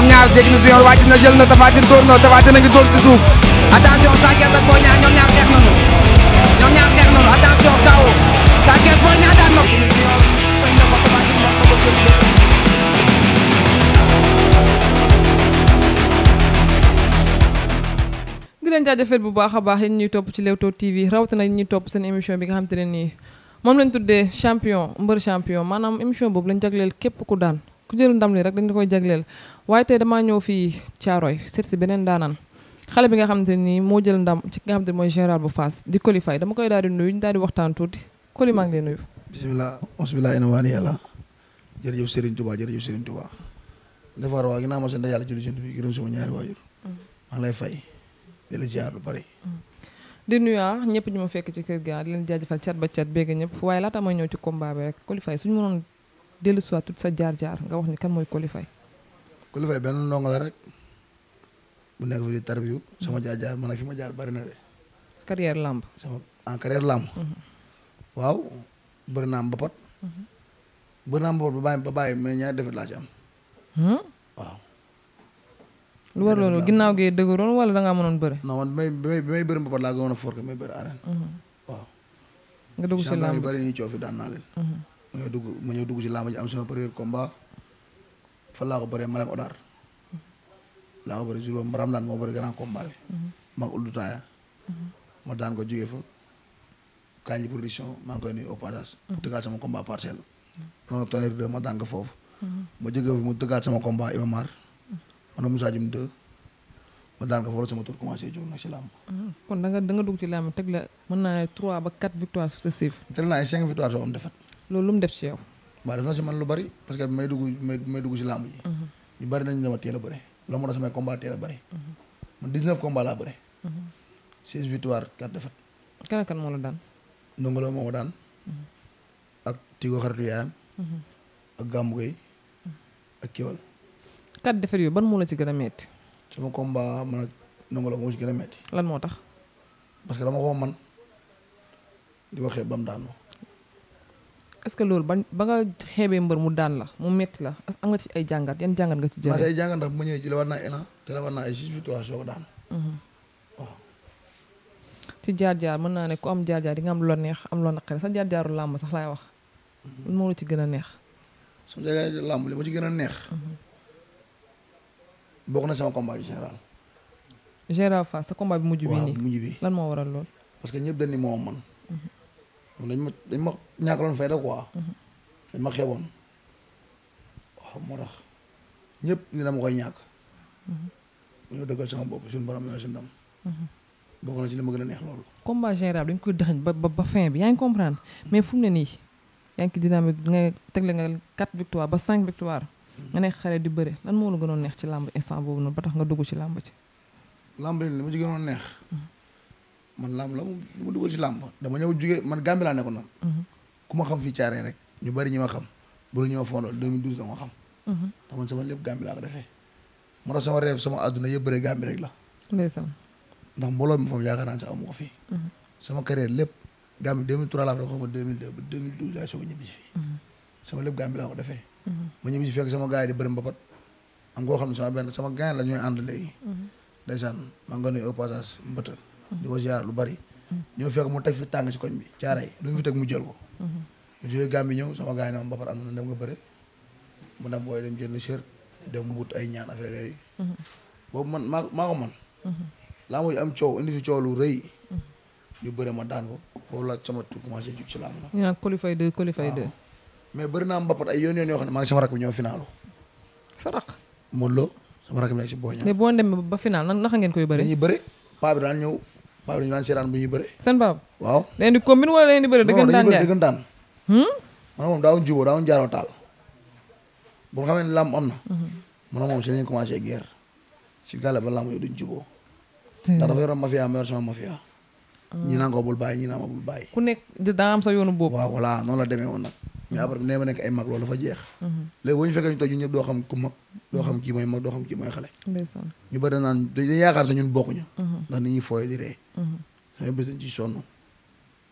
ñoom ñaar jéggi bu baax a baax yéen ñuy topp ci Leewtoo TV rawatina yéen ñuy topp seen émission bi nga xam te ne nii moom lañ tuddee champion mbër champion maanaam émission boobu lañ jagleel képp ku daan ku jëlu ndam li rek dañ koy jagleel waaye tey damaa ñëw fii Thiaroy seet si beneen daanaan xale bi nga xamante nii moo jël ndam ci nga xamante ne mooy général bu Fass di Coly Faye dama koy daal di nuyu ñu daal di waxtaan tuuti Coly maa ngi lay nuyu. bisimilah bisimilah ina waani yàlla jërëjëf Serigne Touba jërëjëf Serigne Touba defar ma sant yàlla julli sant bi gërëm sama ñaari waajur mm. la ziar lu bari mm. di nuyaa ah ñëpp ñu ma fekk ci kër ga ah, di leen jaajëfal cat ba cat béeg ñëpp waaye laata may ñëw ci combat bi rek dellu si waat sa jaar jaar nga wax ni kan mooy Coly ku lu fay benn ndongo la rek bu nekk fi di tarbiyu sama mhm. jaar jaar man ak fi ma jaar bari na de. carrière làmb. sama en ah, carrière làmb. Mhm. waaw bëri naa mbapat. Mhm. bëri naa mbapat ba bàyyi ba bàyyi mais ñaari defet laa ci am. Hmm? waaw. lu war loolu ginnaaw gi dëgëroon wala da ngaa mënoon bëri. non man bi may bi may bëri mbapat laa gënoon a forke may bëri arène. nga dugg ci làmb ji am sama premier combat. fa laa ko bëree Malem Odar laa ko bëri jour boobu mbaram daan moo bëri grand combat bi maag uldu taaya ma daan ko jógee fa kañ production maa koy nuyu au mu tëggaat sama combat parcelle noonu tonnerre deux ma daan mu daan ko foofu sama tour commencé jóg nag si làmb kon da nga da nga dugg ci làmb teg la mën naa trois ba quatre victoires successives teg naa ay cinq victoires soo am defet loolu mu def ci yow waaw def na si man lu bari parce que may dugg may dugg si làmb ji mhm. ñu bari nañu dama teel a bëre la moo tax samay combat teel a bëre mhm. man 19 combat laa bëre 16 victoire 4 défaite la moo ma daan mhm. yooyu ban moo la ci gën a metti sama combat man ak Ndongo Lo moo ci gën a metti lan moo tax parce que dama ko man di waxee ba daan ma est-ce que loolu ban ba nga xeebee mbër mu daan la mu metti la am nga ci ay jàngat yan jàngat nga ci jëlee. maa ay jàngat ndax bu ma ñëwee mhm. jaar-jaar mën naa ne ku am jaar-jaar di nga am loo neex am loo naqare sax jaar-jaaru làmb sax laay wax. Mhm. lu moo la ci gën a neex. sama jaar-jaaru làmb li ma ci gën a neex. Mhm. bokk na sama combat général. général Fass sa combat bi mujj bi lan moo waral lool. parce que ñëpp dañ ni man. dañ ma dañ ma ñàkkaloon fayda quoi. Mhm. dañ ma xeeboon waaw moo tax ñëpp ni dama koy ñàkk. Mhm. ñoo dëggal sama bopp suñu borom ñoo si ndam. Mhm. bokk na ci li ma gën a neex loolu. combat général dañ koy dëxañ ba ba fin bi yaa ngi comprendre mais fu mu ne nii yaa ngi ci dynamique nga tegle nga 4 victoire ba 5 victoire. nga nekk xale di bëre lan moo la a neex ci làmb instant boobu noonu ba tax nga dugg ci làmb ci. làmb yi li ma ci gënoon neex. man làmb la mu dugal ci làmb dama ñëw jugee man Gambie laa nekkoon nag. Mhm. ku ma xam fii caaree rek ñu bari ñi ma xam bu ñu ma fondool 2012 dama xam. Mhm. te man sama lépp Gambie laa ko defee. moo tax sama réew la. ndeysaan. ndax mbooloo mi foofu yaakaar naa ne sax amu ko fi. Mhm. sama carrière lépp Gambie 2003 laa ko defee ba 2002 ba 2012 laa soog a ñibbi si fii. sama lépp Gambie ko defee. ma ñibbi si fekk sama gars di bëri mbapat. am koo xam ne sama benn sama gars la ñuy léegi. ndeysaan maa ngi ko nuyu au mbëtt. di lu bari. ñoo fekk mu teg fi tàng si koñ bi caaray lu mu fi teg mu jël ko. mu jógee Gàmbi ñëw sama gars yi na ma ba pare am na dem nga bëre mu dem booy dem jënd sër dem wut ay ñaan affaire yooyu. boobu man maa maa ko man laa mooy am coow indi fi coow lu rëy. ñu bëre ma daan ko foofu la sama tur commencé jug ci làmb la. ñu naan qualifié deux qualifié deux. mais bëri naa mbapat ay yoon yoon yoo xam ne maa ngi sama rakk bi ñoo finaalu. sa rakk. Modou Lo sama rakk bi nekk si Boy Niang. mais boo demee ba final nan naka ngeen koy bëri. dañuy bëri paa bi daan maa ngi daan seetaan bu ñuy bëre. seen waaw. leen di combine wala leen di bëre dëggantaan non dañuy bëre dëggantaan. Hmm? moom daawuñ jubóo daawuñ jaaroo taal. bu nga xamee ne làmb am na. Mhm. man ma yor a mafia. Ah. ñi naan ko bul bàyyi ñi naan ma bul bàyyi. ku nekk daa am sa yoonu boobu. waaw voilà noonu la demee woon nag. mais après nee ma nekk ay mag loolu dafa jeex. Mhm. léegi bu ñu fekkee ñu toj a doo xam ku mag doo xam kii mooy mag doo xam kii mooy xale ñu bëri naan dañuy yaakaar sa ñun bokkuñu mhm. ndax ni ñuy fooye di ree mhm. sama bés dañ ci sonn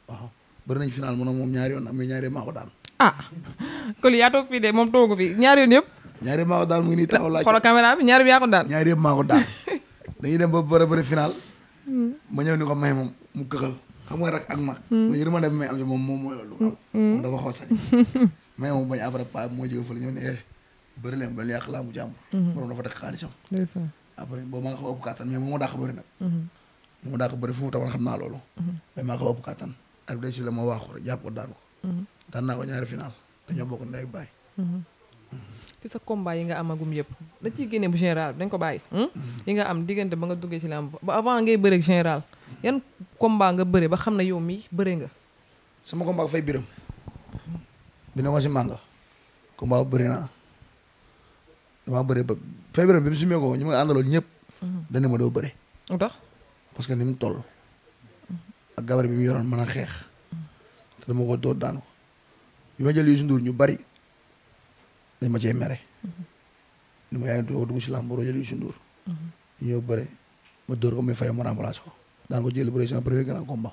waaw bëri nañ final moom moom ñaari yoon am ñaari maa ko daan ah kon yaa toog fii de moom toogu fi ñaari yoon yëpp ñaari maa ko daan mu ngi nii taxaw laaj xoolal caméra bi ñaari bi yaa ko daan ñaari yëpp maa ko daan dañuy dem ba bëri bëri mm. ma ñëw ni ko may moom mu këxal xam nga rek ak ma mm. mu yërmande bi may am ci moom moom mooy loolu mm. moom dafa xaw sañ may moom bañ après pa moo jóge fële ñëw ne bëri leen ba leen yàq laamu jàmm. Mhm. borom dafa teg xaalisam. ndeysaan après boobu maa nga xaw a ëpp kàttan mais moom moo dàq bëri nag. moom moo dàq bëri fu mu tawoon xam naa mhm. a ëpp kàttan. Mhm. ak day si la ma da ciy génne bu général dañ ko bàyyi. Hmm? yi nga am diggante ba nga duggee ci làmb ba avant a bëre ak général yan combat nga bëre ba xam ne yow mii bëre nga. sama combat fay biram bi ne ko si mànga combat bu bëri naa damaa bëre ba feebaram bi mu sumee ko ñu ma àndaloon ñëpp. Mhm. dañu ma doo bëre. ndax parce que ni mu toll. Mhm. ak gabar bi mu yoroon mën a xeex. Mhm. te dama ko dóor daan ko bi ma jël Youssou Ndour ñu bari dañ ma cee ñu ñëw ma dóor ko muy fay ma remplace ko daan ko jël bëre sama premier grand combat.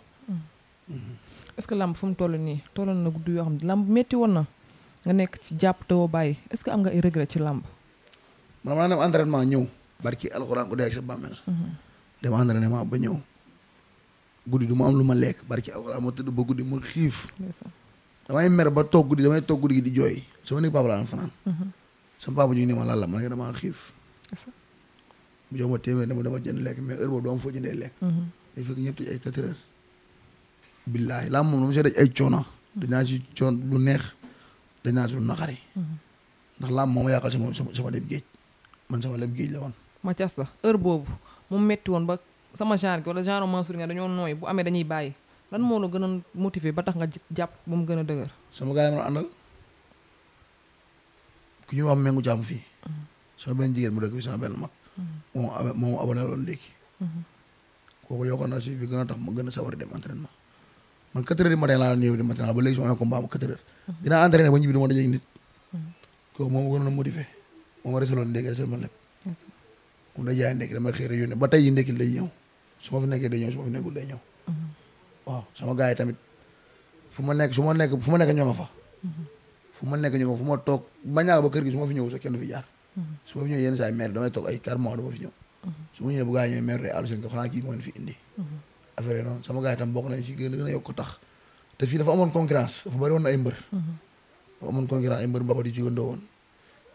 est-ce que làmb fu mu toll nii tolloon na gudd yoo xam ne metti woon na nga nekk ci jàpp te woo bàyyi est que am nga ay regret ci làmb. man maa dem entraînement ñëw barki alxuraan ku dee ak sa bàmmeel. Mhm. dem entraînement ba ñëw. guddi du ma am lu ma lekk barki alxuraan ma tëdd ba guddi ma xiif. damay mer ba toog guddi damay toog guddi gi di jooy sama nekk papa laa am fanaan. Mhm. sama papa ñu ne ma lan la ma ne damaa xiif. bu jox ma téeméer dama lekk mais heure boobu mhm. laa moom dama see ay coono. dinaa neex dinaa si lu naqari. ndax laa moom moo yàqal sama sama géej. man sama lépp géej la woon. ma cas la heure boobu mu metti woon ba sama genre gi wala genre Mansour nga dañoo nooy bu amee dañuy bàyyi lan moo la gën a motiver ba tax nga jàpp ba mu gën a dëgër. sama gars yi ma àndal ku ñuy wax mengu jàmm fii. Mm-hmm. benn jigéen mu dëkk fii sama benn mag. Mm-hmm. moom moom abonné mm-hmm. bi gën a tax ma gën a sawar dem entraînement man 4 ba léegi su ma amee combat dinaa entraîné ba ñibbi du ma nit. kooku moom gënoon a motiver. moom ma resaloon ndékki resal ma lépp moom day jaay ndékki damay xëy rek yónnee ba tey yi ndékki day ñëw su ma fi nekkee day ñëw su ma fi nekkul day ñëw mm-hmm. waaw sama gars yi tamit fu ma nekk su ma nekk fu ma nekk ñoo nga fa mm-hmm. fu ma nekk ñoo nga fu ma toog ma ñaaga ba kër gi su ma fi ñëw sax kenn du mm-hmm. su ma ñëwee bu gars yi ñëwee maire day àllu seen xanaa kii moo fi indi affaire noonu sama gars yi tam bokk nañ si gën a yokk tax te fii dafa amoon concurrence dafa bëri woon na ay mbër dafa amoon concurrence ay mbër mbapat yu ci woon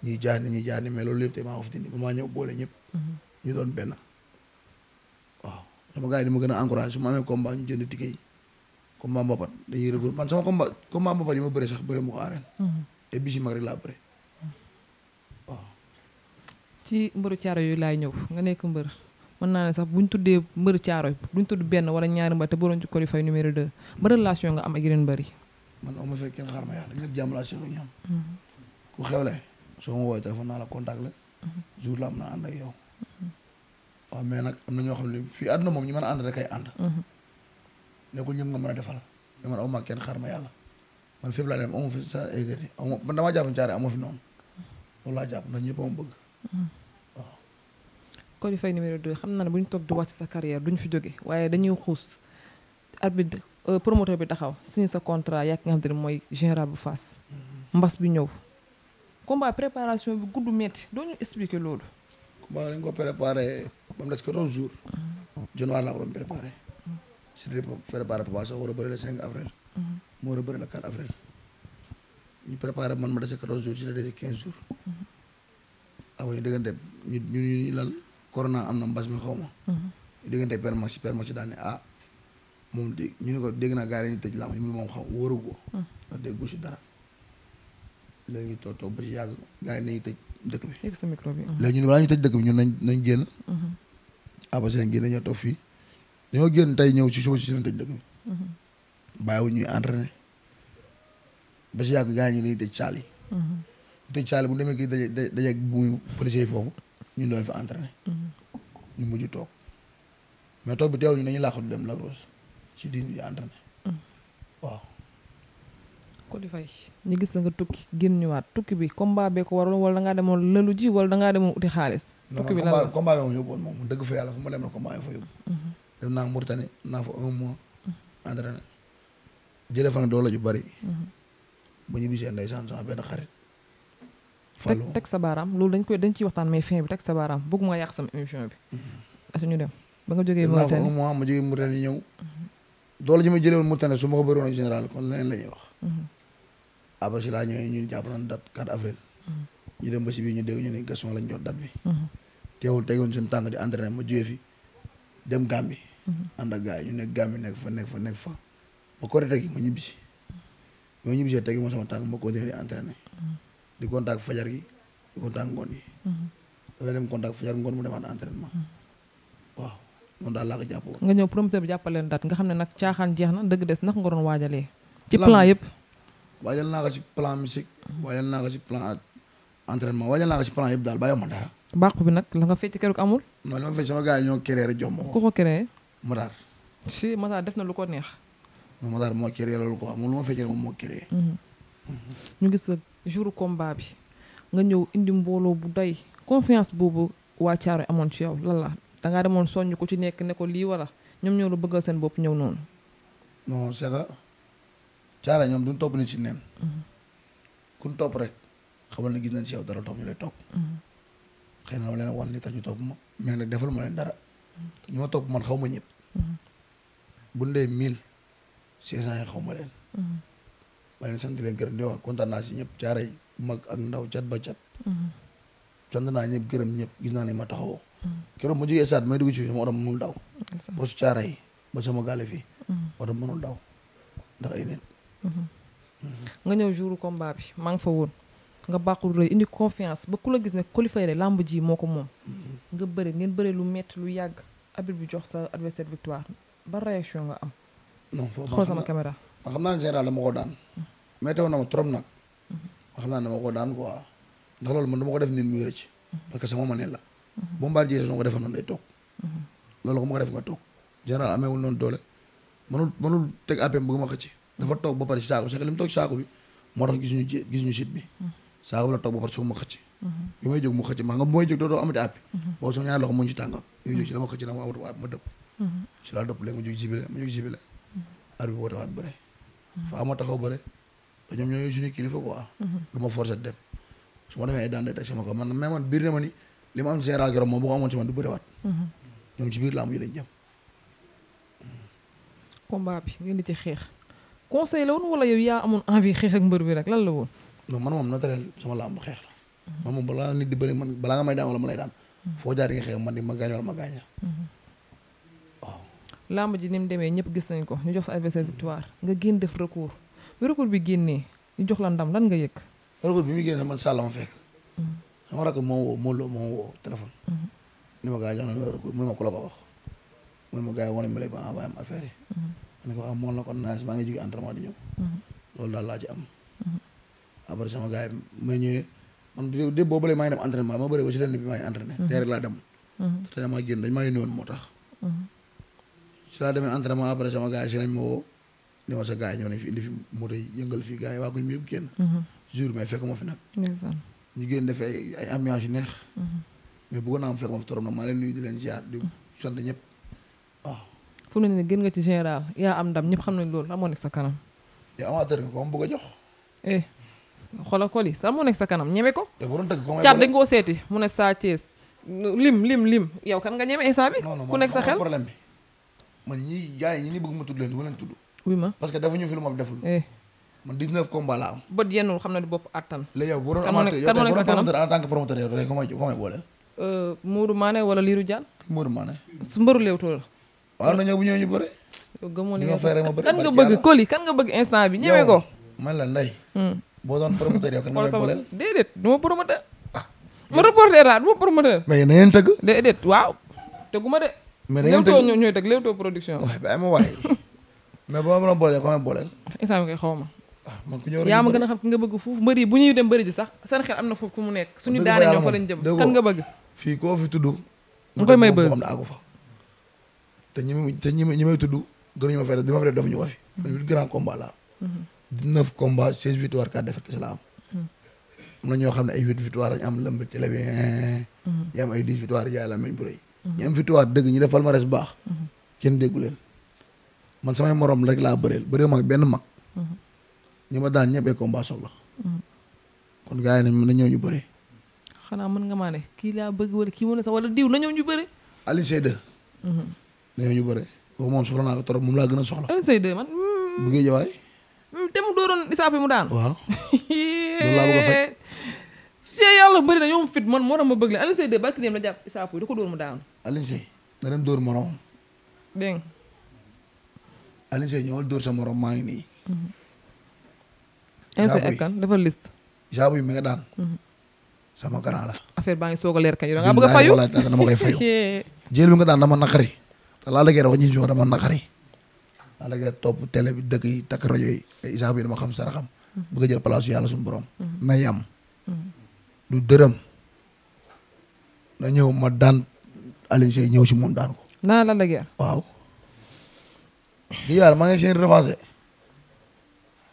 ñuy jaani ñuy jaani mais loolu yëpp tey maa ko fi dindi maa ñëw boole ñëpp. Mhm. ñu doon benn waaw. sama gars yi ni ma gën a encouragé su ma amee combat ñu jënd ticket yi combat sax bëre mu ko aareen. Mhm. te bis mag rek laa bëre mhm. ci mbëru caaro yooyu laay ñëw nga nekk mbër mën naa ne sax buñ tuddee mbëru caaro duñ tudd benn wala ñaari mbër te borom numéro 2 ba relation nga am ak yeneen mbër man aw kenn xaar ma yàlla ñëpp jàmm laa seq ñoom. ku xewle. soo ma woowee téléphone naa la contact la mhm. jour la am na ànd ak yow mhm. waaw mais nag am na ñoo xam ne fii àdduna moom ñu mën a ànd rek ay ànd mhm. nekkul ñëpp nga mën a defal man aw laa dem amu fi sa éggati amu man fi noonu loolu laa jàpp ndax ñëpp a ma bëgg waaw Coly Faye numéro 2 xam naa ne bu toog di wàcc sa carrière duñu fi jóge waaye dañuy xuus arbitre euh, promoteur bi taxaw suñu sa contrat yàgg nga xam te ne mooy général bu Fass mbas bi ñëw combat préparation bi gudd metti doo ñu expliquer loolu. combat dañ ko préparé ba mu des 14 jours. janvier laa ko doon préparé. c'est-à-dire préparé Papa Sow a bëri le 5 avril. mu war a ma dese 14 jours ci la dese 15 jours. awa ah ñu déggante ñu ñu ñu lal corona am na mbas mi xaw ma. ñu déggante per max per max daan ah moom dégg ñu ne ko dégg naa gars yi dañuy tëj làmb ñu moom xaw wóoru ko. Mm. ndax déggu si dara. léegi ñu toog toog ba ci yàgg gars yi nañu tëj dëkk bi. yëg sa micro bi. léegi ñu tëj dëkk bi ñun nañ nañ génn. Mhm. après seen génn ñoo toog fii dañoo génn tey ñëw ci mhm. ba si yàgg gars yi ñu dañuy tëj saal yi. Mhm. tëj saal bu demee kii daje dajeeg buumu policier yi foofu ñun doon fa entraîné. ñu mujj toog mais toog bi teewul ñu dañuy dem Lac Rose ci diin bi entraîné waaw. Coly Faye ñu gis na nga tukki génn ñëwaat tukki bi combat bee ko waral wala da ngaa demoon lëlu ji wala da ngaa demoon uti xaalis. tukki bi lan la combat bi moom yóbbuwoon moom dëgg fa yàlla fu ma dem rek combat yi fa yóbbu. Mhm. dem naa Mauritanie naa fa un mois. Mhm. entraîné jëlee fa na mhm. ba ñu bisee ndeysaan sama bi teg sa baaraam bëgg nga yàq sama émission bi. as ñu dem ba nga jógee Mauritanie un ma jógee Mauritanie ñëw. doole ji ma jëlee woon su ma ko bëri woon général kon leneen la ñuy wax. après si laa ñëwee ñu jàpp nañ date 4 avril. Mm-hmm. ñu dem ba si biir ñu dégg ñu ne Gaston lañ jot date bi. Mm-hmm. teewul teguñ suñu tànk di entraîné ma jógee fi dem Gambie. Mm-hmm. ànd ak gars yi ñu nekk Gambie nekk fa nekk fa nekk fa ba Korité gi ma ñibbisi. ma ñibbisee tegi ma sama tànk ma continuer di entraîné. di contact fajar gi di contact ngoon yi. dafay dem contact fajar ngoon mu demaat entraînement. waaw noonu daal laa ko jàpp woon. nga ñëw promoteur bi jàppaleen date nga xam ne waajal naa ko ci plan musique waajal naa ko ci plan entraînement waajal naa ko ci plan yëpp daal bàyyi ma dara. bàqu bi nag la nga fecc keroog amul. non li ma fecc ma ko. ku ko créé. na lu ko neex. non Matar moo créé loolu quoi moom lu ma fecc rek moom moo créé. Mhm. ñu gis la jour combat bi nga ñëw indi mbooloo bu doy confiance boobu waa Thiaroye amoon ci yow lan la demoon soññ ko ci nekk ne ko lii wala ñoom ñoo la bëggal seen bopp ñëw noonu. caara ñoom duñ topp nit si neen mhm. kun topp rek xamal na gis nañ si yow dara topp ñu lay topp mhm. na dama leen wan li tax ñu topp ma mais nag defal ma ma mhm. topp man xaw ma ñëpp buñ dee mille six cent yi xaw ma leen ma leen sant leen gërëm di yi gërëm ñëpp gis naa ne ma taxawoo keroog ma jógee saat may dugg ci sama oto mënul daw ba su caara yi ba sama gàlle fii oto mënul daw ndax ay nit Mm-hmm. nga ñëw jour combat bi maa ngi fa woon nga bàqul rëy indi confiance ba ku la gis ne qualifié de làmb ji moo ko moom mm-hmm. nga bëri ngeen bëri lu metti lu yàgg abit bi jox sa adversaire victoire ba réaction nga am non foofu xool sama caméra man xam naa ne général dama ko daan météo mm-hmm. nag ma xam naa ne dama ko daan quoi ndax loolu man ma ko def nit muy rëcc parce que sama ma ne la bombardier soo ko defa noonu day toog loolu ko ma ko def nga toog général amee wul noonu doole ma dafa toog ba pare si saako parce que li mu toog si saako bi moo tax gis ñu gis ñu site bi saako bi la toog ba pare soog ma xëcc bi may jóg mu xëcc ma nga bu may jóg doo doo amati àppi boobu sama ñaari loxo mu ngi ci tàngam bi may jóg si la ma xëcc na ma amatu àpp ma dëpp si demee ay daan day teg sama ko man mais man biir na ni li ma am général Yoro moom bu ko amoon ci du bëri waat ñoom ci biir laa mujj lañ jëm combat bi ngeen di ci xeex conseil la woon wala yow yaa amoon envie xeex ak mbër bi rek lan la woon. non man moom naturel sama làmb xeex la. man moom balaa nit di bëri man balaa nga may daan wala ma lay daan. foo jaar nga xeex ma gaañ wala ma gaaña mm-hmm. waaw. làmb ji ni mu demee ñëpp gis nañ ko ñu jox sa adversaire victoire nga génn def recours la ndam lan nga ma fekk. Mm-hmm. sama rakk mm-hmm. ma gars yi jox nañu recours mu ne ma ku wax mu ne ma gars yi wane ma lay ba envoyé am affaire ne ko ah mool maa ngi jóge entraînement di ñëw. Mhm. loolu daal laa ci am. Mhm. après sama gars yi ma ñëwee man démb boobu la maa ngi dem entraînement ma bëri ba ci lenn mhm. si laa demee entraînement après sama gars si lañ ma woo sa gars yi ñëw nañ fi indi fi moto yi yëngal fii gars yi waa ko ñu yëpp génn. jour mais fekk ma fi nag. ñu génn defee ay yu neex. mais bëggoon naa am fekk ma fi trop nag maa leen nuyu di leen ziar di sant ñëpp ah. fu mu ne nii gën nga ci général yaa am ndam ñëpp xam nañ loolu lan moo nekk sa kanam. yow amateur nga ko mu bëgg a jox. eh xoolal ko lii lan moo nekk sa kanam ñeme ko. yow bu doon dëgg dañ koo seeti mu ne Sa Thiès lim lim lim yow nga ñeme instant bi. ku nekk sa xel problème bi man ñii gars ñi ni bëgg ma tudd leen du leen tudd. oui ma parce que defuñu fi lu ma deful. Eh. man 19 combat la am. bët yennul xam na di bopp attan. la yow bu doon amateur yow bu doon promoteur en tant que promoteur yow rek ko may boole. Euh, Mourou Mané wala Lirou Diane. Mourou Mané. su mbëru Leewtoo waaw na ñëw bu ñëw ñu bëre. gëmoo li nga fay rek ma bi ñëwee ko. Hmm. man la Ndeye. Hmm. boo doon promoteur yow kan nga doon booleel. déedéet ma promoteur. Ah, ma reporter ah du ma promoteur. mais yéen a yéen tëgg. déedéet waaw tëgguma de. mais da ngeen boo ma doon booleel ko ma booleel. instant bi kay xaw ma. Ah, yaa ma gën a xam ki nga bëgg foofu mbëri bu ñuy dem bëri ji sax seen xel am na foofu ku mu nekk suñu daane ñoo fa lañ jëm kan nga bëgg fii koo fi tudd nga koy may bëgg am na àggu fa te ñi muy te ñi a ñi may tudd gënuñu ma fay def ma fay def defuñu ko fi. man mm-hmm. huit grand combat la am. Mm-hmm. neuf combat seize victoire quatre défaites kese la am. Mm-hmm. am na la bi. ñu am ay dix victoire jaay la meñ bu rëy. ñu am victoire dëgg ñu def palmarès baax. kenn déggu man samay morom rek laa bëreel bëree mag benn mag. ñi ma daan ñëpp ay combat soog la. kon gars yi nañ ñëw ñu bëree. xanaa mën nga maa kii laa bëgg wala kii mu ne sax wala diw na ñëw ñu bëree. Aliou Seye na ñu bëre boobu moom soxla naa ko trop moom laa gën a soxla. un say deux man. Hmm. bu géej waay. Hmm, te mu dooroon isaap yi mu daan. waaw loolu laa bëgg na ñoom fit man moo tax ma bëgg leen Alioune Seye de barki dem la jàpp isaap yi da ko dóor mu daan. Alioune Seye na sa morom maa ngi nii. insee ak kan dafa yi mi nga daan. Mhm. sama grand la. affaire baa ngi soog a leer a fayu. te Lac de topp télé bi dëkk yi yi dama xam saraxam bëgg a jël place yàlla mm-hmm. na yam mm-hmm. du dërëm na ñëw ma daan Alioune Seye ñëw si moom daan ko naa Lac de Guiers waaw yaar maa ngi seen revancé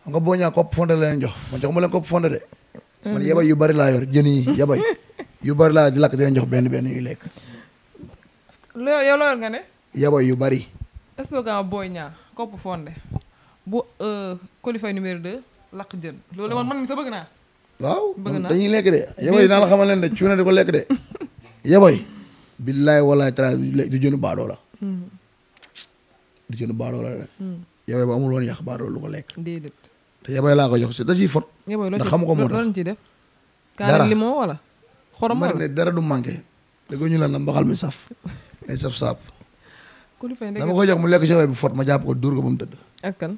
xam nga fonde leen jox man jox ma leen kopp fonde de man mm-hmm. yabay yu bari laa yor jën yi yabay yu bari laa di lakk di leen jox benn benn ñuy lekk yow loolu nga ne yabay yu bari. slogan Boy Niang kopp fonde bu euh, qualifié numéro 2 lakk jën. loolu man man mi sa bëgg naa. waaw dañuy lekk de. yabay naa la xamal leen de cuune di du jënu baadoo la. Hmm. du jënu baadoo la de. Hmm. ba amul woon yàq baadoo lu ko lekk. déedéet. te yabay laa ko jox si da ciy fot. yabay loo xam ko moo tax ci def. dara kaani limon wala. xorom ñu la na mbaxal mi saf. ay saf saap. Koulibaly dama ko jox mu lekk cheval bi fot ma jàpp ko dóor ko ba mu tëdd. ak kan.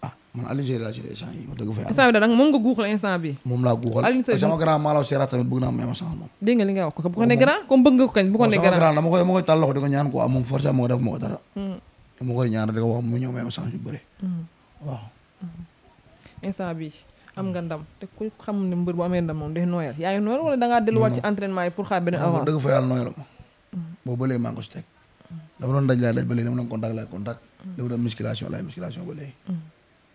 ah man Alioune Seye laa ci des champs yi ma dëgg fa. instant bi nag moom nga guuxal instant bi moom laa guuxal Alioune Seye sama grand Malaw Sera tamit bëgg naa may ma chance moom. dégg nga li nga wax ko bu ko ne grand comme bëgg nga ko kañ bu ko ne grand dama koy dama koy tàll loxo di ko ñaan ko am moom forcé ma ko def ma ko dara. Hmm. dama koy ñaan di ko wax mu ñëw may ma chance yu bëre. Hmm. waaw. Hmm. instant bi am nga ndam te ku xam ne mbër bu amee ndam moom day nooyal yaa ngi nooyal wala da ngaa delluwaat ci entraînement yi pour xaar beneen avance dëgg fa yàlla nooyal ma boo bëlee maa ngi ko si teg dama doon daj laa daj ba léegi dama doon contact laay contact dama doon musculation laay musculation ba léegi mm.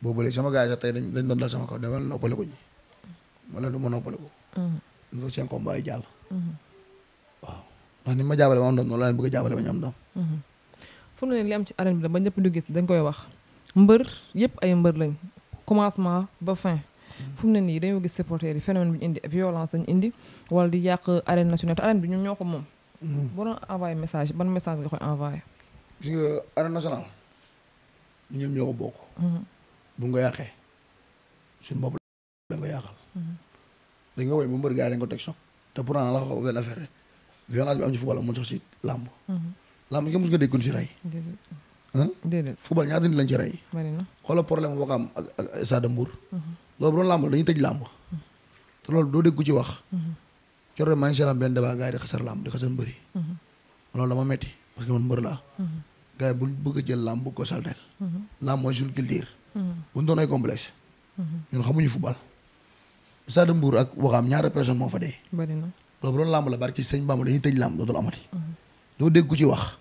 boobu ba léegi sama gars yi sax tey dañ dañ doon dal sama kaw dama leen noppale ko ji ma leen du ma noppale ko mm. ñu mm-hmm. ni ma jaabale ma am noonu laa leen a jaabale ba ñu am doom mm-hmm. fu ne li am ci arène bi la ba ñëpp di gis dañ koy wax mbër yëpp ay mbër lañ commencement ba fin mm. fu ne nii dañoo gis supporters yi phénomène bi ñu indi violence lañ indi wala di yàq arène nationale te arène bi ñun ñoo ko boo doon envoyé message ban message nga koy envoyé. gis nga arène nationale ñoom ñoo ko bokk. Mhm. bu nga yàqee suñu bopp la nga yàqal. Mhm. dañ ko woy ba mbër gars yi dañ ko teg choc te pourtant la ko a affaire rek violence bi am ci football amul sax si làmb. Mhm. làmb nga mos nga dégg ku ñu si rey. déedéet football ñaata nit lañ ci rey. xoola problème wakaam ak ak Sada Mbour. loolu bu doon làmb dañuy tëj làmb. te loolu doo dégg ci wax. keroog maa ngi seetaan benn débat gars yi di xasar làmb di xasar mbëri mm-hmm. loolu dama metti parce que man mbër laa mm-hmm. gars yi bu bëgg a jël làmb bëgg ko saltel mm-hmm. làmb mooy suñu culture bu ñu doon ay complexe ñun xamuñu football moo fa dee la barki sëñ Bamba dañuy tëj làmb dootul amati doo dégg ku ci wax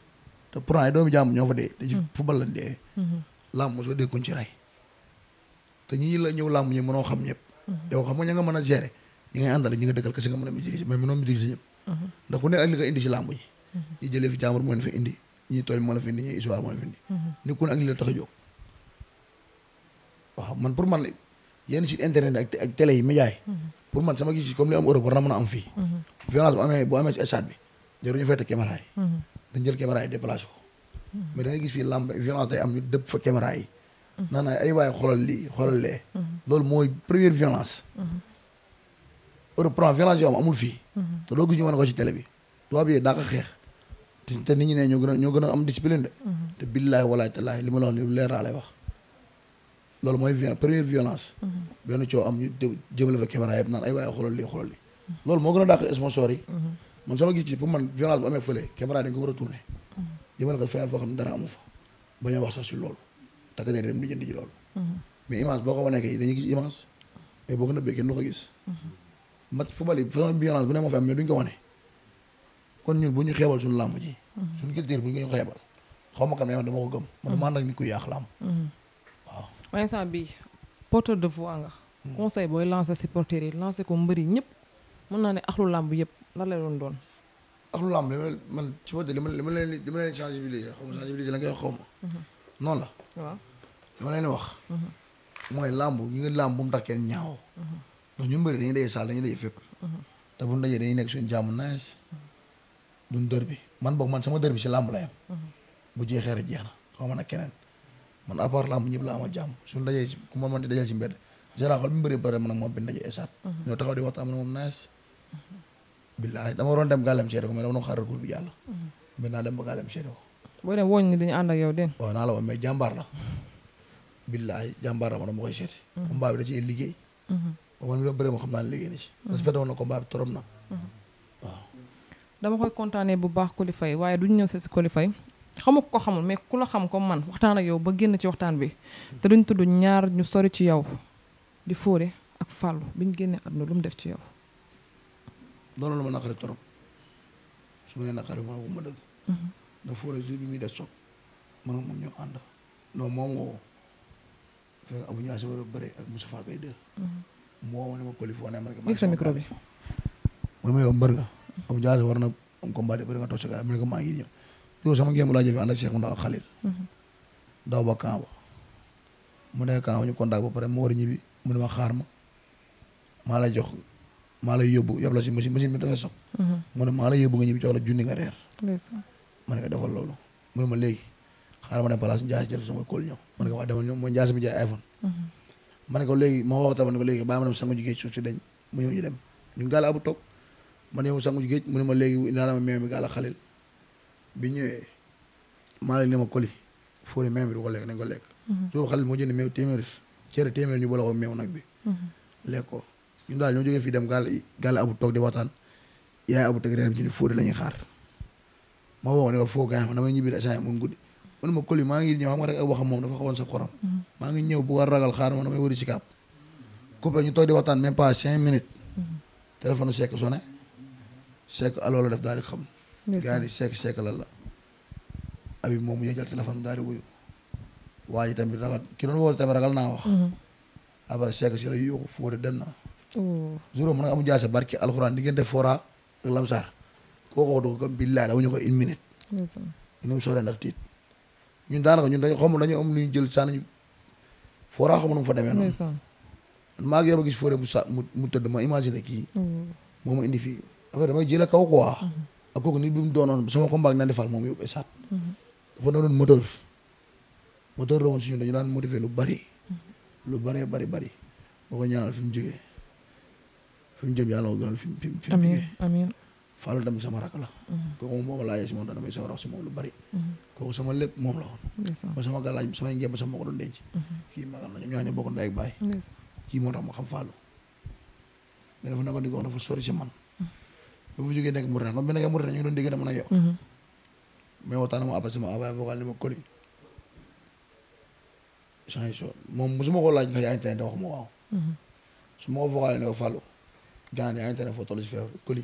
te pourtant ay doomu jàmm ñoo fa dee te ci football lañ dee ñëw làmb xam ñëpp yow xam nga ña nga mën a gérer ñi ngay àndal ñi nga dëkkal kese nga mën a maîtriser mais mënoo maîtriser ñëpp mhm. ndax ku ne ak li nga indi si làmb yi mhm. ñi jëlee fi jàmbur moo leen fi indi ñi tooñ moo la fi indi ñi histoire moo la fi indi mhm. ni ku ne ak li la tax a jóg waaw man pour man yenn si internet ak ak télé yi média pour man sama gis comme li am Europe war na mën a am fii violence bu amee bu amee si stade bi jarul ñu fay yi dañ jël caméra yi déplacé ko mais da gis fii làmb violence day am ñu dëpp fa caméra yi naan ay waay reprend violence yoo am amul fii. te doo gis ñu wan ko ci télé bi. tubaab yi daa ko xeex. te nit ñi ne ñoo gën a ñoo gën a am discipline de. Mhm. te billahi walaay talaay li ma la wax nii lu leer laa lay wax. loolu mooy vi première violence. Mhm. benn coow am ñu jëmale fa caméra yëpp naan ay waaye xoolal lii xoolal lii. Mhm. loolu moo gën a dàq sponsor yi. man sama gis ci pour man violence bu amee fële caméra dañ ko war a tourné. jëmale ko feneen foo xam ne dara amu fa. a match football yi bu ne moo fi am mais duñ ko wane kon ñun bu ñu xeebal suñu làmb ji. Mhm. suñu culture bu ñu ko xeebal xaw ma kan mais dama ko gëm. man mhm. maa nag nit ku yaax làmb. Mhm. waaw. instant bi porteur de voix nga. conseil booy lancer supporter yi lancer ko mbëri ñëpp mën naa ne axlu làmb yëpp lan la doon doon. axlu làmb li ma man supporter li ma li ma leen li ma leen sensibiliser xaw ma la nga wax xaw ma. noonu la. waaw li ma leen wax. mooy làmb ñu ngi làmb bu mu tax kenn ñaaw. ndax ñun bëri dañuy daje saal dañuy daje fépp mm-hmm. te mm-hmm. bi man boog man sama dër si la yam mm-hmm. bu jeexee rek jeex na xaw ma nag keneen man à part làmb la ama jàmm suñu dajee si ku ma mën di dajee si mbedd général xool mi bëri bëri man ak moom bi ñu dajee esaat ñoo taxaw di waxtaan man moom nice billaay dama waroon dem gàllem seede ko mais dama doon xaar recours bi yàlla mais naa dem ba gàllem seede ko boo dem wooñ ni dañu ànd ak la woon mais la billaay jàmbaar la ma dama liggéey man mi doon bëri moo xam naa ne liggéey na ci. Mhm. respecté woon na combat bi trop na. Mhm. dama koy kontaanee bu baax Coly Faye waaye duñ ñëw si si Coly Faye xamu ko xamul mais ku la xam comme man waxtaan ak yow ba génn ci waxtaan bi mhm. te duñ tudd ñaar ñu sori ci yow di fóore ak fàllu biñ génnee àdduna lu mu def ci yow. loolu la ma naqari trop su ma nee naqari ma wu ma dëgg. da fóore jour bi muy def soog man moom ñu ànd non moom woo fekk Abou Niass war a bëre ak mu woo ma ne ma Koulibaly ma ne ko. yëg sa micro bi man ma yow mbër nga. am jaase war na am combat de bëri nga toog sa gars ma ne ko maa ngi ñëw yow sama ngeen mu laa jël ànd ak Cheikh Ndaw ak Khalil. Mm-hmm. daw ba camp ba mu nekk camp ba ñu a ne ma xaar ma maa lay mm-hmm. ne maa lay yóbbu ma ne ko ne ma léegi xaaral ma dem place Ndiaye jël sama kóol ñëw ma ne ko wax demal ñëw mooy Ndiaye sama jaay iPhone. Mm-hmm. ma ne ko léegi ma woo tamit ne ko léegi baa ma dem sangu ji suuf si dañ mu ñëw ñu dem ñu gaal abu toog ma ne sangu ji géej mu ne ma léegi daanaka meew mi gaal bi ñëwee maa leen ne ma koli fóori meew ko lekk nañ ko lekk. Mhm. su xalil moo jënd meew téeméeri cere téeméeri ñu boole ko meew nag bi. Mhm. lekk ko ñun daal ñoo jógee fii dem gaal gaal abu toog di waxtaan yaay abu teg reer bi ñu ne fóori la ñuy xaar ma woo ko ne ko foo gaañ ma damay ñibbi rek saa mu guddi mu ne ma Coly maa ngi ñëw xam nga rek ay waxam moom dafa xawoon sa xorom mm-hmm. maa ngi ñëw bu war ragal xaar ma damay wari si kaab coupé ñu toog di waxtaan même pas cinq minutes mm-hmm. téléphone Seck sonné Seck aloo la def daal xam gaa ni Seck Seck lan la abi moom mu jël téléphone daal wuyu waa tamit ragal naa wax mm-hmm. après Seck si la yuuxu fóode dem na oh. jour mën nga amu jaase barki alxuraan di ngeen def fora ak lamsaar koo ko du ko gëm billaay daw ñun daanaka ñun dañu xamul dañu am lu ñu jël sànni fooraa xamul mu fa demee noonu. man maa ngi yem a gis forêt bu sa mu mu tëdd ma imaginer kii. Mm-hmm. moo ma indi fii affaire damay jëlee kaw quoi. Mm-hmm. ak kooku nit bi mu doonoon sama combat ak Nandi Fall moom yóbbee saat. Mm-hmm. dafa doonoon moteur. moteur la si ñun dañu daan modifier lu bari. lu bari bari bari. boo ko ñaanal fi mu jógee jëm yàlla ko gënal fi mu fi mu jógee. amiin amiin. Fallou tamit sama rakk la. kooku moom a ma laajee si moom damay soog a wax si moom lu bari. kooku sama lépp moom la woon. ba sama galaaj sama njëmb sama ko doon denc. kii magal na ñoom ñoo xam ne bokk na day ak bàyyi. kii moo tax ma xam Fallou. mais dafa nekkoon di ba mhm. sama avay vocal su ma ko laaj nga yaa ngi tane mhm. foo toll si feebar Coly.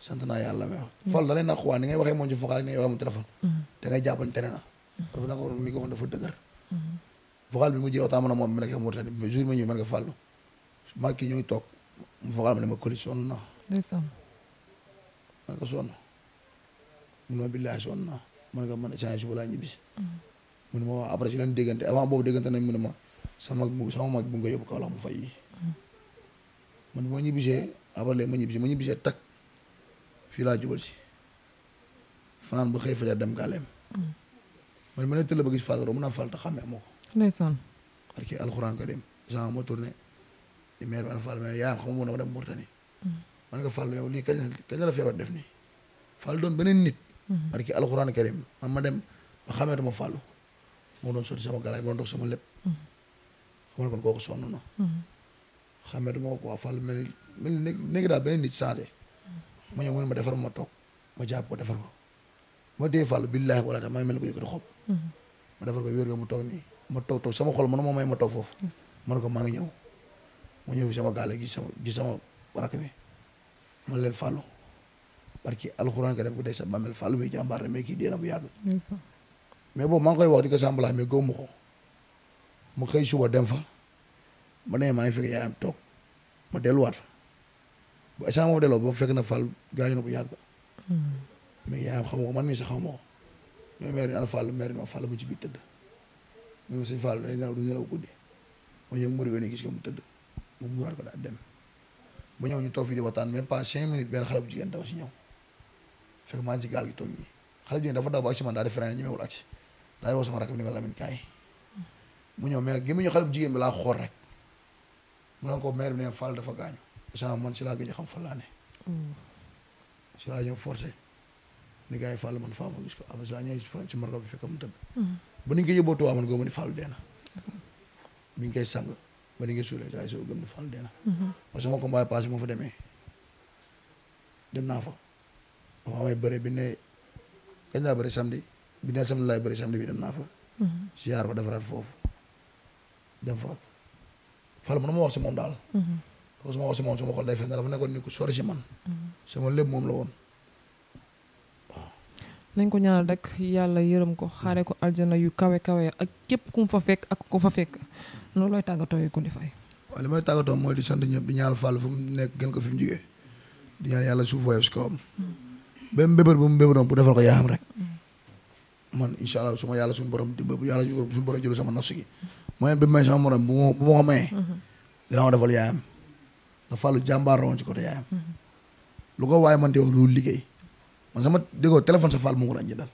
sant naa yàlla may wax fal da lay naq waa ni ngay waxee moom ci vocal ni ngay waxee moom téléphone mm-hmm. da ngay jàppan tere na dafa da nga war li nga waxoon dafa dëgër mm-hmm. vocal bi mu jee waxtaan mën a moom bi nekk Mauritanie mais jour ma ñëw man nga fàllu maa kii mun ma billaay sonn naa man nga man échange suba laa ñibbisi mm-hmm. mun ma après si leen déggante avant boobu déggante nañ mu sama mag mu sama mag bu nga kaw la mu fay man bu ma ñibbisee après léegi ma ñibbisee ma ñibbisee fii laa jubal si fanaan ba xëy fajar dem gàlleem mm. man ma ne tëll ba gis Fatou mun naa fal te xàmmee moo ko. ndeysaan. xam ma dem Mourtani. Mm. man nga Fall yow la kañ la feebar def nii. Fall doon beneen nit. parce mm. que alxuraan karim man ma dem ba xàmmeetu ma Fallu moo doon sotti sama galaay moo doon dox sama lépp. xam nga kon kooku sonn na. xàmmeetu ma ko quoi Fall mel ni nekk daal beneen nit changé. ma ñëw ma defar ma toog ma jàpp ko defar ko ma dee fàll billaahi wala ta maa ngi mel ko yëkkati xob mm-hmm. ma defar ko wér ko mu toog nii ma toog toog sama xol moo ma toog foofu ne maa ngi ñëw ma ñëw fi sama gaale gi sama ma leen fàllu parce que alxuraan ka dem ko day sa bàmmeel fàllu bi jàmbaar bu yàgg mais boobu maa ngi koy wax di ko ko ma xëy suba dem fa ma maa ngi ma delluwaat fa bu instant moom delloo ba fekk na Fall gaañu na bu yàgg. mais yaayam xamu ko man mii sax xamu ma ko. ñoom mère ana Fall bu ci biir tëdd. ñoom suñu Fall dañu naan du nelaw guddi. ma ñëw mbir mi gis ko mu tëdd mu muuraat ko daal dem. bu ñëw ñu toog fii di waxtaan même pas cinq minutes benn xale bu jigéen daw si ñëw. fekk maa dafa daw ba ak si man daal di freiné ñemewul ak si daal di woo sama rakk bi ni ma Lamine kaay. mu laa xool rek mu ne ko mère bi ne Fall dafa gaañu saa man si laa gëj a xam fan laa ne. si mm. laa ñëw forcé ni gars yi Fall man faa ma ko am laa ñëw si margo bi fekk mu tëdd. Mm. ba ni nga yóbboo Tuubaa man góob ni Fall dee na. mi mm-hmm. ngi koy sang ba ni nga suulee si laay soo gëm ni mm-hmm. naa fa. ba bi ne kañ laa laay bëri samedi bi dem naa fa. si mm-hmm. yaar fa defaraat foofu dem fa Fall man ma wax si moom daal. loolu su ma wax si moom su ma xool day fees dafa nekkoon ni ku sori si man. sama lépp moom la woon nañ ko ñaanal rek yàlla yërëm ko xaare ko aljana yu kawe kawe ak képp ku fa fekk ak ku fa fekk noonu looy tàggatoo yi ko di fay. waaw li may tàggatoo mooy di sant ñëpp di ñaanal Fall fu mu nekk gën ko fi mu jugee di ñaan yàlla suuf woyof si kawam. benn mbébét bu mu mbébétoon pour defal ko yaa rek. man incha allah su ma yàlla suñu borom dimbali bu yàlla suñu borom jëlu sama ndax Fallou jàmbaar woon ci côté yaayam. lu ko waaye man de wax loolu liggéey man sama déggoo téléphone sa Fallou mu ngi ko daan jëndal.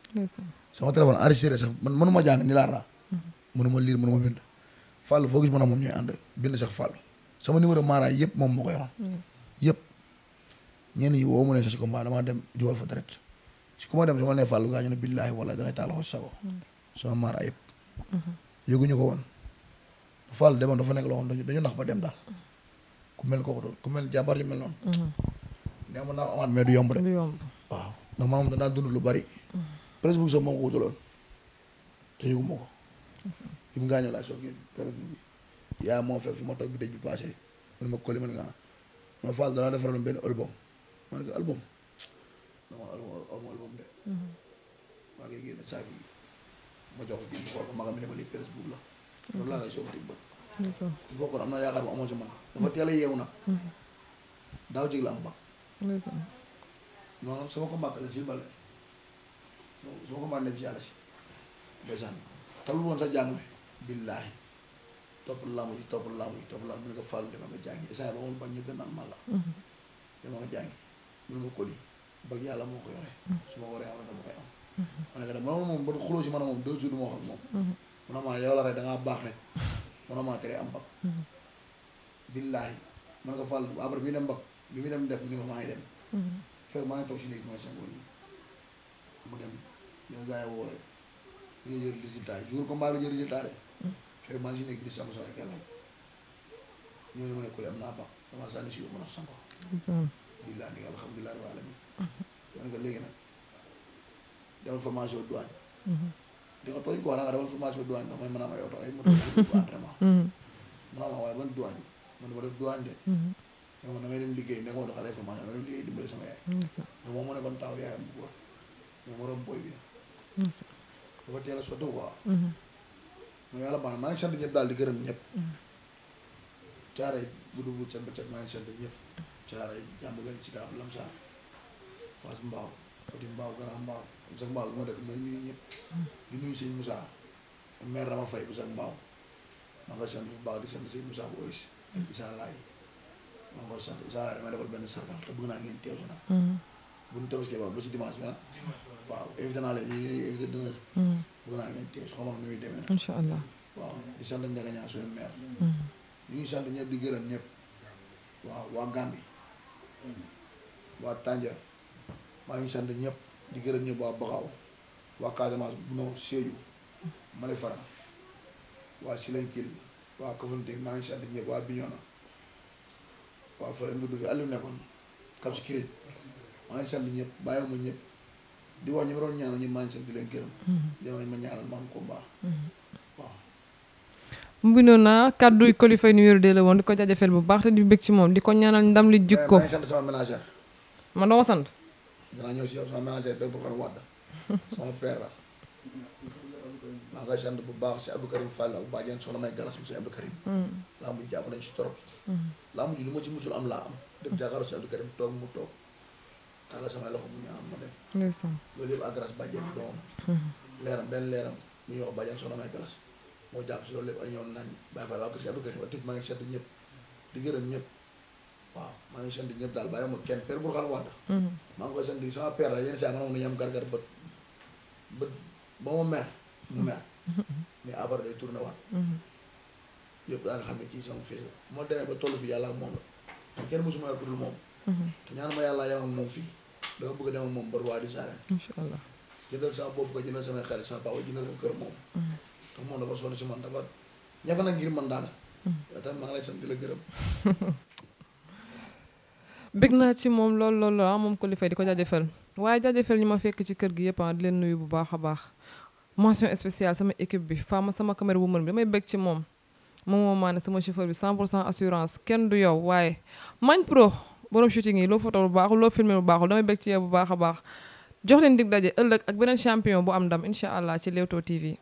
sama téléphone enregistré sax man mënuma jàng ni laa raa. mënuma liir mënuma bind. Fallou foo gis ma ne moom ñooy ànd bind sax Fallou sama numéro Mara yëpp moom moo ko yoroon. yëpp ñenn yi woo ma ne sax mhm. dem daal. ku mel kooku doon ku mel jàmbaar yu mel noonu. Mhm. nee mën naa amaat mais du yomb de. waaw ndax maanaam danaa dund lu bari. Mhm. presque bu soo moom ko wutaloon te yëguma ko. Mhm. bi mu gaañoo laa soog période ma benn album ma ne ko album dama album album de. maa ngi génne saa bi ma jox ko kii bi xool ko maa ngi mel ni ma lii presque la. loolu laa lay soog a ki bokkoon am na yaakaar bu amoon ci man dafa teel a yeewu nag mhm. daaw jég la am ba maanaam sama ko mbàkkale si mbale sama ko mbàkkale ci yàlla si ndeysaan talul woon sa jàng billaahi topp man na mhm. mhm. ko de man moom ba xuloo si man a moom deux jours du wax moom mu ne ma yow rek dangaa baax rek mënoo maa tere am mbag mhm. billaahi man nga fàll après bi dem mbag bi mu dem def ni ma maa ngi dem mhm. fekk maa ngi toog si léegi mooy sangoon yi mu dem ñoo gars yi woore ñu jël résultat yi jour combat bi jël résultat de mhm. fekk maa ngi si nekk di sangu sama kenn ñoo ne ma ne ku am naa mbag dama sànni si yow mën a sango billaahi ni alhamdulilah rabbil alamin man nga léegi nag defal formation douane di ko tooñ quoi da nga defal formation douane damay mën a may oto ay moto mm-hmm. entraînement mm-hmm. mën a ma waaye ban douane man dama def douane de mm-hmm. mais man damay dem liggéey nekk ma doxalee formation damay dem liggéey dimbali sama yaay mais moom mu nekkoon taaw yaayam bu góor mais moroom booy bi na dafa teel a sotti quoi mais yàlla baax na maa ngi sant ñëpp daal di gërëm ñëpp caaray bu dugg cat ba cat maa ngi sant ñëpp caaray jàmb gañ si kaab lamsaar fas mbaaw petit mbaaw grand mbaaw am sax mbaaw bi ma dëkk may nuyu ñëpp di nuyu sëñ Moussa maire dama fay bu sax mbaaw ma nga sant bu baax di sant sëñ Moussa bu oris ak Issa Laye ma nga sant Issa Laye dama defal benn sargal te bëgg naa ngeen teew si nag mm-hmm. bu ñu tabaskee ba ba si dimanche bi ah. nag waaw invité naa leen ñu ngi invité d'honneur mm-hmm. bëgg naa ngeen teew si xamal nu muy demee incha allah waaw di sant Ndiaga Niang suñu maire ñu mm-hmm. ngi sant ñëpp di gërëm ñëpp waaw waa Gambie waa Tànja maa ngi sant ñëpp di gërëm ñëpp waa Baxaw waa Casamance Buno Sédhiou Malefara waa Silenkil waa Kafountine maa ngi sant ñëpp waa Bignona waa fële Ndoudou fi àllu nekkoon Cap Skirring maa ngi sant ñëpp bàyyiwuma ñëpp ñaanal maa ngi sant di mu bindoon naa kàddu Coly Faye numéro 2 la woon di ko jaajëfal bu baax te di bëgg ci moom di ko ñaanal ndam li jikko. Eh, maa ngi sant danaa ñëw si yow sama manager Père Bourkhane Wade sama père la maa ngi koy sant bu baax si Abdou Karim Fall bu baax jeen a may galas mu si Abdou Karim mm. làmb ji jàpp nañ si torop mm. làmb ji lu ma ci musul am laa am dem jàkkaaroo si Abdou Karim toog mu toog tàllal samay loxo bu loolu yëpp ak grâce bàjjen doomam mm-hmm. leeram benn leeram ñu wax bàjjen soxna may galas moo jàpp si loolu lépp ay ñëw nañ bàyyi fa laa kër si Abdou Karim a tëj maa ngi sant ñëpp di gërëm ñëpp waaw maa ngi sant ñëpp daal bàyyi ma kenn père Bourkhane Wade mhm. maa ngi koy sant sama père la yenn ma ne yam gargar bët bët ba ma mer mu mer mhm. mais abar day tourné waat mhm. yëpp daal xam ne kii sama fii la moo demee ba tollu fi yàlla ak moom la kenn mosuma yor ku dul moom te ñaan ma yàlla yam ak si man na ngir man daal waaye la gërëm bëgg naa ci moom lool lool ah moom ko fay di ko jaajëfal waaye jaajëfal ñi ma fekk ci kër gi yëpp ah di leen nuyu bu baax a baax mention spéciale sama équipe bi ma sama caméra woman bi damay bëgg ci moom moom maane sama chauffeur bi 100 pour cent assurance kenn du yow waaye mañ pro borom shooting yi loo photo bu baaxul loo filmé bu baaxul damay bëgg ci yow bu baax a baax jox leen dig daje ëllëg ak beneen champion bu am ndam incha allah ci Leewtoo TV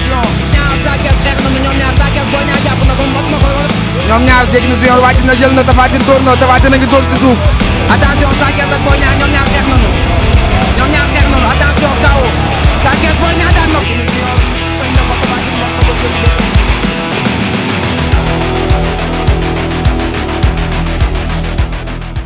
attention ñaar saakees xeex na ñoom ñaar saakees boo ñaar jàpp ñoom ñaar jéggi na junior wàcc jël na tafaatin dóor na tafaatin a ngi dóor ci suuf attention saakees ak ñoom ñaar xeex nañu ñoom ñaar xeex nañu attention kaw saakees boo ñaar daan na